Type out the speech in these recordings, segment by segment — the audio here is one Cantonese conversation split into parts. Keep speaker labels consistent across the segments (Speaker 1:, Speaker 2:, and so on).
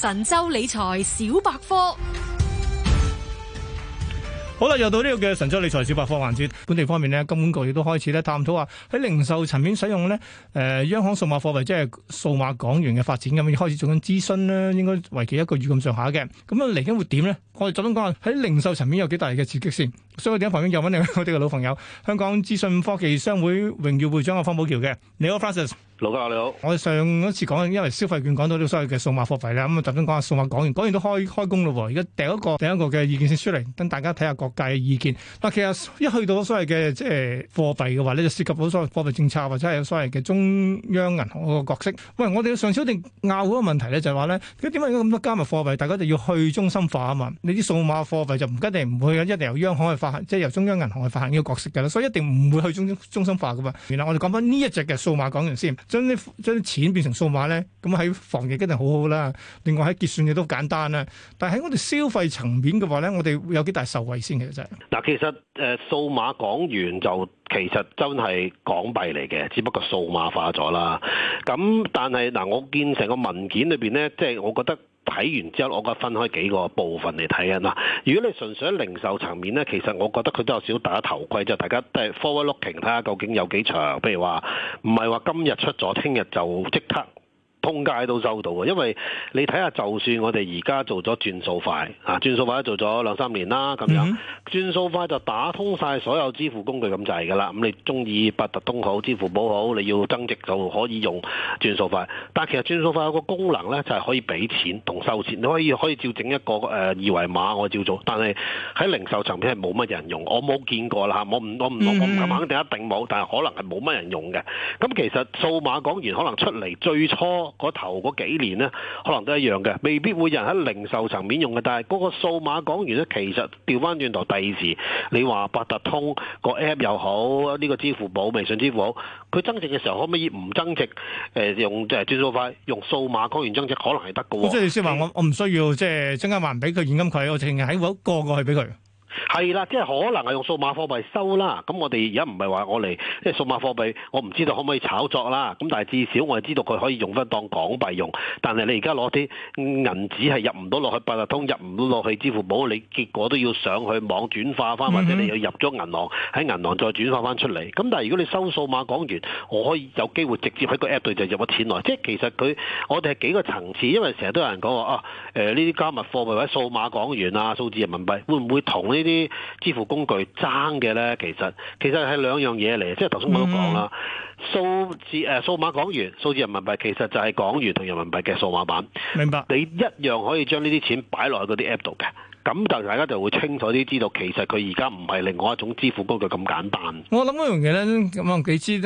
Speaker 1: 神州理財小百科，好
Speaker 2: 啦，又到呢個嘅神州理財小百科環節。本地方面金管局都開始咧探討話喺零售層面使用呢誒、呃，央行數碼貨幣即係數碼港元嘅發展咁，要開始做緊諮詢啦。應該為期一個月咁上下嘅，咁嚟緊會點呢？我哋集中講下喺零售層面有幾大嘅刺激先。商會點解旁邊又揾嚟我哋嘅老朋友，香港資訊科技商會榮譽會長阿方保僑嘅，你好 Francis，劉家你好，我哋上一次講，因為消費券講到啲所謂嘅數碼貨幣咧，咁啊特登講下數碼港元講完，講完都開開工咯，而家第一個第一個嘅意見先出嚟，等大家睇下各界嘅意見。但其實一去到所謂嘅即係貨幣嘅話呢就涉及到所謂貨幣政策或者係所謂嘅中央銀行個角色。喂，我哋上次定拗嗰個問題咧、就是，就話呢，點解而家咁多加密貨幣，大家就要去中心化啊嘛？你啲數碼貨幣就唔一定唔會啊，一定由央行去發。即係由中央銀行去發行呢個角色嘅啦，所以一定唔會去中中心化噶嘛。原來我哋講翻呢一隻嘅數碼港元先，將啲將啲錢變成數碼咧，咁喺防疫肯定好好啦。另外喺結算亦都簡單啦。但係喺我哋消費層面嘅話咧，我哋會有幾大受惠先嘅啫？
Speaker 1: 嗱，其實，誒，數碼港元就其實真係港幣嚟嘅，只不過數碼化咗啦。咁但係嗱，呃，我見成個文件裏邊咧，即係我覺得。睇完之後，我覺得分開幾個部分嚟睇啊，嗱，如果你純粹喺零售層面咧，其實我覺得佢都有少少打頭盔，就大家都係 forward looking 睇下究竟有幾長，譬如話唔係話今日出咗，聽日就即刻通街都收到嘅，因為你睇下，就算我哋而家做咗轉數快啊，轉數快做咗兩三年啦，咁樣、mm hmm. 轉數快就打通晒所有支付工具咁就係㗎啦。咁你中意八達通好，支付寶好，你要增值就可以用轉數快。但係其實轉數快有個功能呢，就係、是、可以俾錢同收錢，你可以可以照整一個誒、呃、二維碼，我照做。但係喺零售層面係冇乜人用，我冇見過啦吓，我唔我唔同我唔肯定一定冇，但係可能係冇乜人用嘅。咁其實數碼港元可能出嚟最初。個頭嗰幾年咧，可能都一樣嘅，未必會有人喺零售層面用嘅。但係嗰個數碼港元咧，其實調返轉頭第二時，你話八達通個 app 又好，呢、這個支付寶、微信支付好，佢增值嘅時候可唔可以唔增值？誒，用即係轉數快，用數碼港元增值，可能係得嘅。即係意思話我，
Speaker 2: 嗯、我唔需要即係、就是、增加還俾佢現金佢，我淨係喺個過去俾佢。
Speaker 1: 係啦，即係可能係用數碼貨幣收啦。咁我哋而家唔係話我嚟，即係數碼貨幣，我唔知道可唔可以炒作啦。咁但係至少我係知道佢可以用返當港幣用。但係你而家攞啲銀紙係入唔到落去八達通，入唔到落去支付寶，你結果都要上去網轉化翻或者你又入咗銀行，喺銀行再轉化翻出嚟。咁但係如果你收數碼港元，我可以有機會直接喺個 app 度就入咗錢來。即係其實佢我哋係幾個層次，因為成日都有人講話啊，誒呢啲加密貨幣或者數碼港元啊、數字人民幣會唔會同呢啲。啲支付工具爭嘅咧，其實其實係兩樣嘢嚟，即係頭先我都講啦，數字誒、呃、數碼港元、數字人民幣，其實就係港元同人民幣嘅數碼版，明白？你一樣可以將呢啲錢擺落去嗰啲 app 度嘅。咁就大家就會清楚啲，知道其實佢而家唔係另外一種支付工具咁簡單。
Speaker 2: 我諗一樣嘢咧，咁啊，你知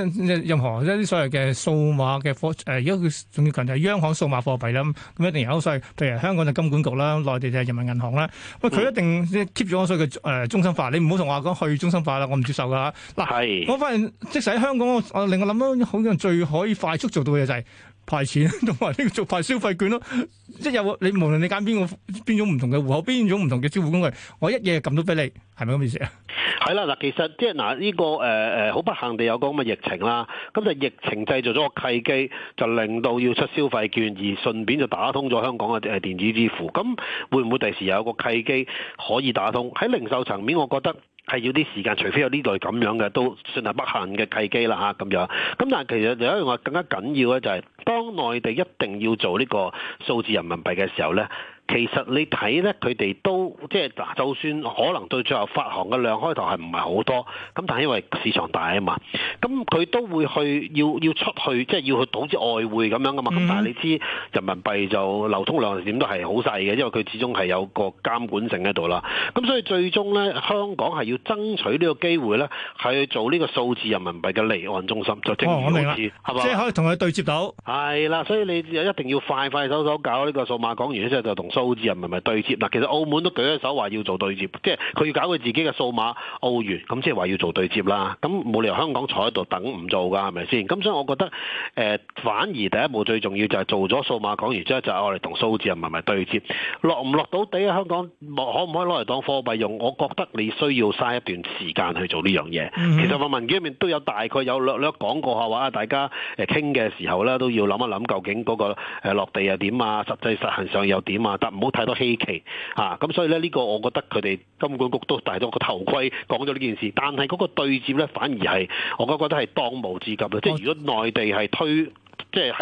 Speaker 2: 任何一啲所謂嘅數碼嘅貨誒，如果佢仲要強調就係央行數碼貨幣啦，咁一定有，所以譬如香港就金管局啦，內地就係人民銀行啦。喂，佢一定 keep 咗我所謂嘅中心化，你唔好同我講去中心化啦，我唔接受噶。嗱，係我發現即使喺香港，我令我諗到好似最可以快速做到嘅就係、是。派錢同埋呢個做派消費券咯，即係有你無論你揀邊個邊種唔同嘅戶口，邊種唔同嘅支付工具，我一夜撳到俾你，係咪咁意思？
Speaker 1: 啊？係啦，嗱，其實即係嗱呢個誒誒，好、呃、不幸地有個咁嘅疫情啦，咁就疫情製造咗個契機，就令到要出消費券，而順便就打通咗香港嘅誒電子支付，咁會唔會第時有一個契機可以打通？喺零售層面，我覺得。係要啲時間，除非有呢類咁樣嘅，都算係不幸嘅契機啦吓，咁樣咁，但係其實有一樣話更加緊要咧，就是，就係當內地一定要做呢個數字人民幣嘅時候咧。其實你睇咧，佢哋都即係嗱，就算可能到最後發行嘅量開頭係唔係好多，咁但係因為市場大啊嘛，咁佢都會去要要出去，即係要去投資外匯咁樣噶嘛。咁但係你知人民幣就流通量點都係好細嘅，因為佢始終係有個監管性喺度啦。咁所以最終咧，香港係要爭取呢個機會咧，係去做呢個數字人民幣嘅離岸中心，就正係如此，係嘛、哦？吧即係可
Speaker 2: 以同佢對接到。
Speaker 1: 係啦，所以你一定要快快手手搞呢個數碼港元之後就同數字人民幣對接嗱，其實澳門都舉一手話要做對接，即係佢要搞佢自己嘅數碼澳元，咁即係話要做對接啦。咁冇理由香港坐喺度等唔做噶，係咪先？咁所以我覺得誒、呃，反而第一步最重要就係做咗數碼港元之後，就係我哋同數字人民幣對接落唔落到地，啊，香港可唔可以攞嚟當貨幣用？我覺得你需要嘥一段時間去做呢樣嘢。Mm hmm. 其實我文件入面都有大概有略略講過下話，大家誒傾嘅時候咧都要諗一諗究竟嗰個誒落地又點啊，實際實行上又點啊。但唔好太多稀奇吓，咁所以咧呢、呢個我覺得佢哋金管局都戴咗個頭盔，講咗呢件事，但係嗰個對接咧，反而係我覺得係當務之急，即係如果內地係推。即係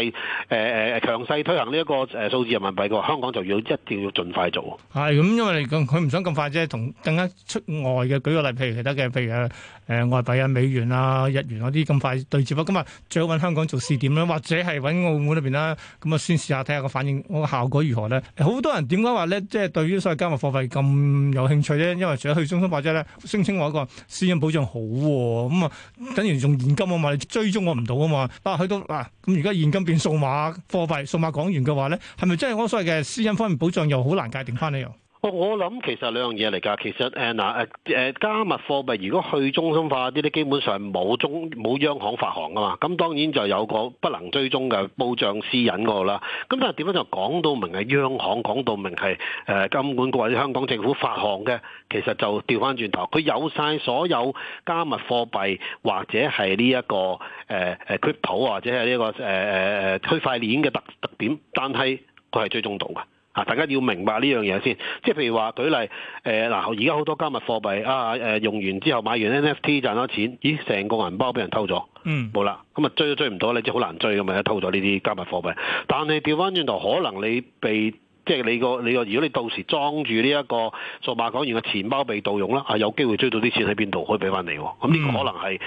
Speaker 1: 誒誒強勢推行呢、這、一個誒、呃、數字人民幣嘅話，香港就
Speaker 2: 要一定要盡快做。係咁，因為佢唔想咁快啫，同更加出外嘅。舉個例，譬如其他嘅，譬如誒誒、呃、外幣啊，美元啊、日元嗰啲咁快對接。今日最好揾香港做試點啦，或者係揾澳門裏邊啦，咁啊先試下睇下個反應，個效果如何咧。好多人點解話咧，即、就、係、是、對於所謂加密貨幣咁有興趣咧？因為除咗去中心化之外，咧，聲稱我一個私隱保障好喎，咁啊，等於用現金啊嘛，你追蹤我唔到啊嘛。但係去到嗱咁而家。啊現金變數碼貨幣、數碼港元嘅話咧，係咪真係我所謂嘅私隱方面保障又好難界定翻呢又？
Speaker 1: 我我諗其實兩樣嘢嚟㗎，其實誒嗱誒誒加密貨幣，如果去中心化啲咧，基本上冇中冇央行發行㗎嘛，咁當然就有個不能追蹤嘅保障私隱嗰個啦。咁但係點樣就講到明係央行講到明係誒金管局或者香港政府發行嘅，其實就調返轉頭，佢有晒所有加密貨幣或者係呢一個誒誒、呃、crypto 或者係呢個誒誒誒區塊鏈嘅特特點，但係佢係追蹤到㗎。啊！大家要明白呢樣嘢先，即係譬如話舉例，誒、呃、嗱，而家好多加密貨幣啊，誒、啊啊、用完之後買完 NFT 賺咗錢，咦？成個銀包俾人偷咗，嗯，冇啦，咁啊追都追唔到，你知好難追咁咪？偷咗呢啲加密貨幣，但係調翻轉頭，可能你被即係你個你個，如果你到時裝住呢一個數碼港元嘅錢包被盜用啦，啊，有機會追到啲錢喺邊度可以俾翻你喎，咁呢個可能係。嗯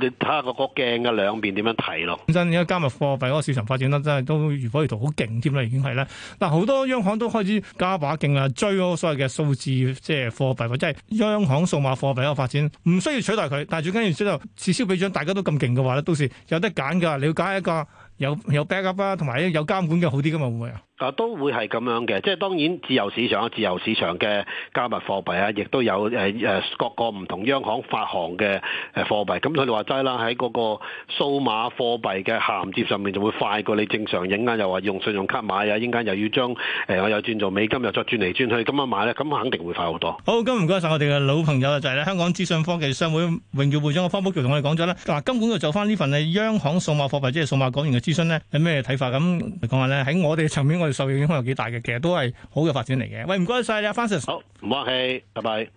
Speaker 1: 你睇下個個鏡嘅兩邊點樣睇咯。
Speaker 2: 真，而家加密貨幣嗰個市場發展得真係都如火如荼，好勁添啦，已經係咧。嗱，好多央行都開始加把勁啦，追嗰所謂嘅數字，即係貨幣，或者係央行數碼貨幣一個發展，唔需要取代佢。但係最緊要之後，是燒比漲，大家都咁勁嘅話咧，到時有得揀噶，你要揀一個有有 backup 啦，同埋有監管嘅好啲噶嘛，會唔會啊？
Speaker 1: 啊，都會係咁樣嘅。即係當然自由市場自由市場嘅加密貨幣啊，亦都有誒誒各個唔同央行發行嘅誒貨幣。咁佢哋話齋啦，喺嗰個數碼貨幣嘅銜接上面，就會快過你正常應間又話用信用卡買啊，應間又要將誒我又轉做美金，又再轉嚟轉去咁樣買咧，咁肯定會快好多。
Speaker 2: 好，今日唔該晒我哋嘅老朋友啊，就係、是、香港資訊科技商會榮譽會長嘅方保僑同我哋講咗咧。嗱，根本就就翻呢份嘅央行數碼貨幣即係數碼港元嘅諮詢呢，有咩睇法？咁講下咧，喺我哋層面受影響有幾大嘅，其實都係好嘅發展嚟嘅。喂，唔該晒你啊，Francis。好，
Speaker 1: 唔客氣，拜拜。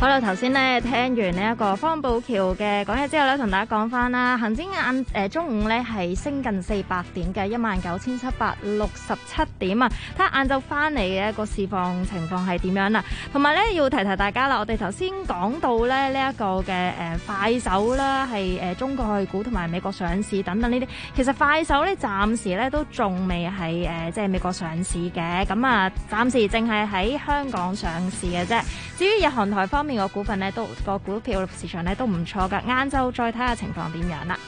Speaker 2: 好啦，頭先咧聽完呢一個方保僑嘅講嘢之後咧，同大家講翻啦，恆指晏誒中午咧係升近四百點嘅，一萬九千七百六十七點啊！睇下晏晝翻嚟嘅一個市況情況係點樣啦。同埋咧要提提大家啦，我哋頭先講到咧呢一個嘅誒快手啦，係誒中國去股同埋美國上市等等呢啲，其實快手咧暫時咧都仲未係誒即係美國上市嘅，咁啊暫時淨係喺香港上市嘅啫。至於日韓台方面。呢個股份咧都個股票市場咧都唔錯噶，晏晝再睇下情況點樣啦。